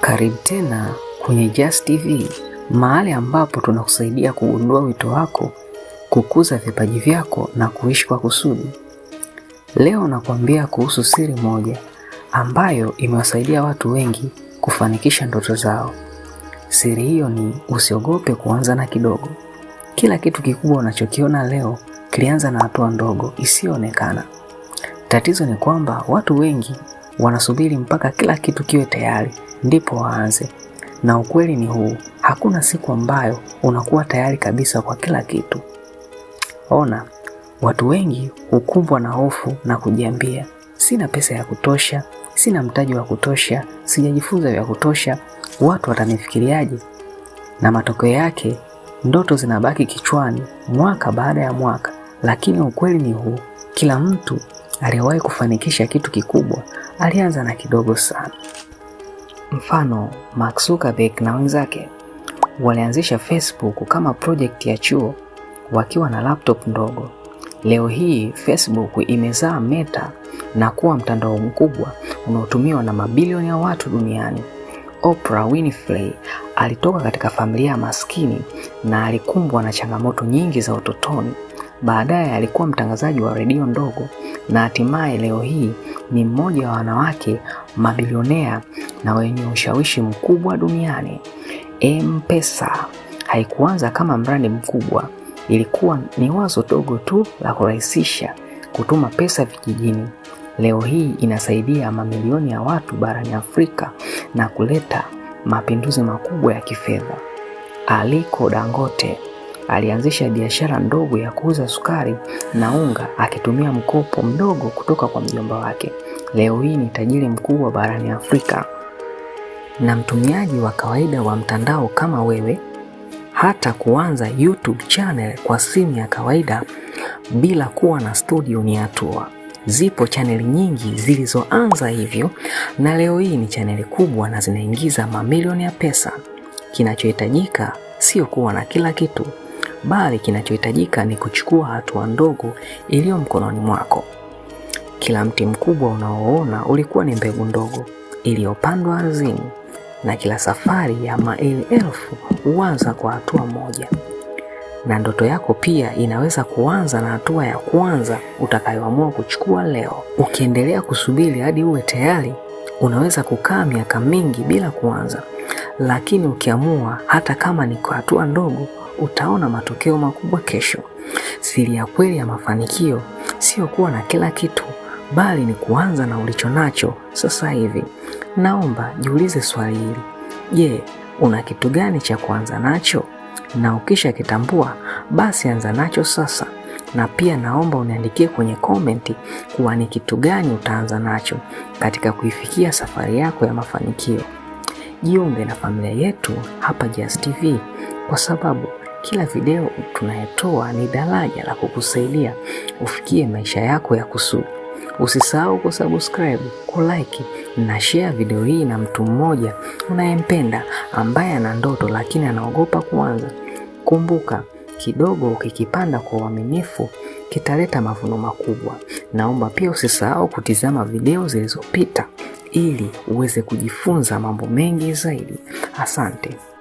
Karibu tena kwenye Just TV, mahali ambapo tunakusaidia kugundua wito wako, kukuza vipaji vyako na kuishi kwa kusudi. Leo nakwambia kuhusu siri moja ambayo imewasaidia watu wengi kufanikisha ndoto zao. Siri hiyo ni usiogope kuanza na kidogo. Kila kitu kikubwa unachokiona leo kilianza na hatua ndogo isiyoonekana. Tatizo ni kwamba watu wengi wanasubiri mpaka kila kitu kiwe tayari ndipo waanze. Na ukweli ni huu, hakuna siku ambayo unakuwa tayari kabisa kwa kila kitu. Ona, watu wengi hukumbwa na hofu na kujiambia, sina pesa ya kutosha, sina mtaji wa kutosha, sijajifunza vya kutosha, watu watanifikiriaje? Na matokeo yake ndoto zinabaki kichwani mwaka baada ya mwaka. Lakini ukweli ni huu, kila mtu aliyewahi kufanikisha kitu kikubwa alianza na kidogo sana. Mfano, Mark Zuckerberg na wenzake walianzisha Facebook kama project ya chuo wakiwa na laptop ndogo. Leo hii Facebook imezaa Meta na kuwa mtandao mkubwa unaotumiwa na mabilioni ya watu duniani. Oprah Winfrey alitoka katika familia ya maskini na alikumbwa na changamoto nyingi za utotoni. Baadaye alikuwa mtangazaji wa redio ndogo na hatimaye leo hii ni mmoja wa wanawake mabilionea na wenye ushawishi mkubwa duniani. M-Pesa haikuanza kama mradi mkubwa, ilikuwa ni wazo dogo tu la kurahisisha kutuma pesa vijijini. Leo hii inasaidia mamilioni ya watu barani Afrika na kuleta mapinduzi makubwa ya kifedha. Aliko Dangote alianzisha biashara ndogo ya kuuza sukari na unga akitumia mkopo mdogo kutoka kwa mjomba wake. Leo hii ni tajiri mkubwa barani Afrika na mtumiaji wa kawaida wa mtandao kama wewe, hata kuanza YouTube channel kwa simu ya kawaida bila kuwa na studio ni hatua. Zipo chaneli nyingi zilizoanza hivyo na leo hii ni chaneli kubwa na zinaingiza mamilioni ya pesa. Kinachohitajika sio kuwa na kila kitu, bali kinachohitajika ni kuchukua hatua ndogo iliyo mkononi mwako. Kila mti mkubwa unaoona ulikuwa ni mbegu ndogo iliyopandwa ardhini, na kila safari ya maili elfu huanza kwa hatua moja, na ndoto yako pia inaweza kuanza na hatua ya kwanza utakayoamua kuchukua leo. Ukiendelea kusubiri hadi uwe tayari, unaweza kukaa miaka mingi bila kuanza, lakini ukiamua, hata kama ni kwa hatua ndogo, utaona matokeo makubwa kesho. Siri ya kweli ya mafanikio sio kuwa na kila kitu, bali ni kuanza na ulicho nacho sasa hivi. Naomba jiulize swali hili: je, una kitu gani cha kuanza nacho? Na ukisha kitambua, basi anza nacho sasa. Na pia naomba uniandikie kwenye komenti kuwa ni kitu gani utaanza nacho katika kuifikia safari yako ya mafanikio. Jiunge na familia yetu hapa Jazz TV kwa sababu kila video tunayotoa ni daraja la kukusaidia ufikie maisha yako ya kusudi. Usisahau kusubscribe, kulike na share video hii na mtu mmoja unayempenda ambaye ana ndoto lakini anaogopa kuanza. Kumbuka, kidogo ukikipanda kwa uaminifu kitaleta mavuno makubwa. Naomba pia usisahau kutizama video zilizopita ili uweze kujifunza mambo mengi zaidi. Asante.